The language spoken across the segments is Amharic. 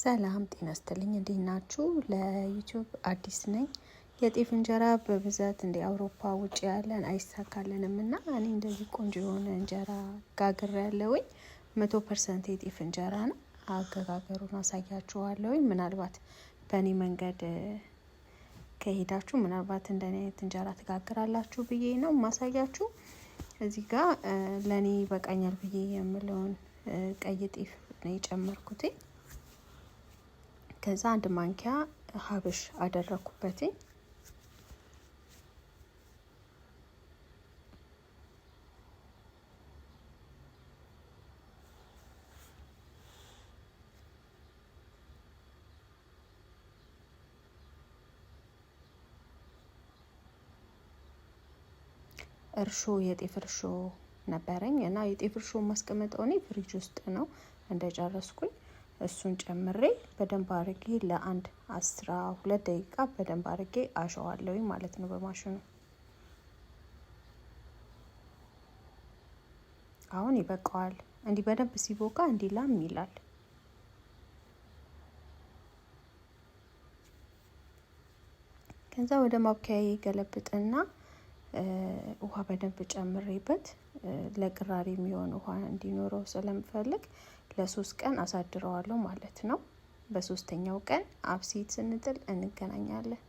ሰላም ጤና ስትልኝ እንዴት ናችሁ? ለዩቲዩብ አዲስ ነኝ። የጤፍ እንጀራ በብዛት እንደ አውሮፓ ውጭ ያለን አይሳካልንም እና እኔ እንደዚህ ቆንጆ የሆነ እንጀራ ጋግር ያለውኝ መቶ ፐርሰንት የጤፍ እንጀራ ነው። አገጋገሩን አሳያችኋለሁኝ። ምናልባት በእኔ መንገድ ከሄዳችሁ ምናልባት እንደኔ አይነት እንጀራ ትጋግራላችሁ ብዬ ነው ማሳያችሁ። እዚህ ጋር ለእኔ በቃኛል ብዬ የምለውን ቀይ ጤፍ ነው የጨመርኩትኝ። ከዛ አንድ ማንኪያ ሀብሽ አደረኩበት። እርሾ የጤፍ እርሾ ነበረኝ እና የጤፍ እርሾ ማስቀመጠው እኔ ፍሪጅ ውስጥ ነው እንደጨረስኩኝ እሱን ጨምሬ በደንብ አርጌ ለአንድ አስራ ሁለት ደቂቃ በደንብ አርጌ አሸዋለሁ ማለት ነው በማሽኑ። አሁን ይበቃዋል። እንዲህ በደንብ ሲቦካ እንዲህ ላም ይላል። ከዛ ወደ ማብኪያዬ ገለብጥና ውሃ በደንብ ጨምሬበት ለቅራሪ የሚሆን ውሃ እንዲኖረው ስለምፈልግ ለሶስት ቀን አሳድረዋለሁ ማለት ነው። በሶስተኛው ቀን አብሲት ስንጥል እንገናኛለን።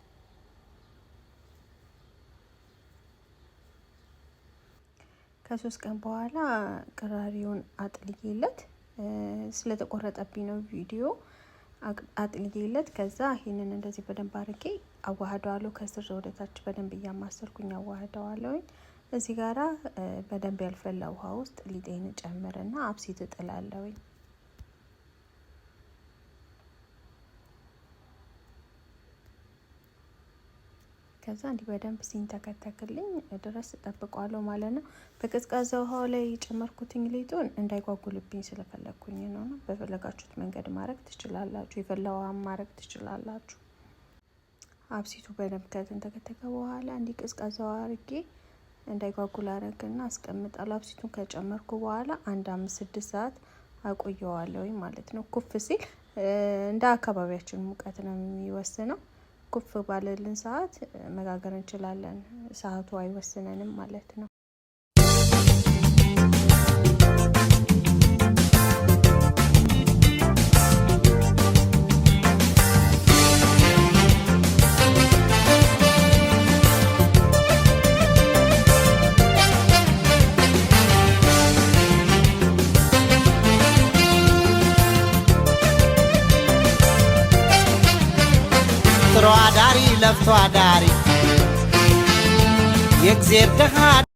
ከሶስት ቀን በኋላ ቅራሪውን አጥልዬለት ስለተቆረጠብኝ ነው ቪዲዮ አጥልዬለት ከዛ ይህንን እንደዚህ በደንብ አድርጌ አዋህደዋለሁ። ከስር ወደታች በደንብ እያማሰልኩኝ አዋህደዋለሁኝ። እዚህ ጋራ በደንብ ያልፈላ ውሃ ውስጥ ሊጤን ጨምርና አብሲት እጥላለሁኝ። ከዛ እንዲህ በደንብ ሲንተከተክልኝ ድረስ ጠብቋለሁ ማለት ነው። በቀዝቃዛ ውሃው ላይ የጨመርኩትኝ ሊጡን እንዳይጓጉልብኝ ስለፈለግኩኝ ነው። ነው በፈለጋችሁት መንገድ ማድረግ ትችላላችሁ። የፈላ ውሃም ማድረግ ትችላላችሁ። አብሲቱ በደንብ ከተንተከተከ በኋላ እንዲህ ቀዝቃዛ ውሃ አርጌ እንዳይጓጉል አረግና አስቀምጣለሁ። አብሲቱን ከጨመርኩ በኋላ አንድ አምስት ስድስት ሰዓት አቆየዋለሁ ማለት ነው። ኩፍ ሲል እንደ አካባቢያችን ሙቀት ነው የሚወስነው። ኩፍ ባለልን ሰዓት መጋገር እንችላለን። ሰዓቱ አይወስነንም ማለት ነው። ጥሮ አዳሪ ለፍቶ አዳሪ የእግዜር ደሃ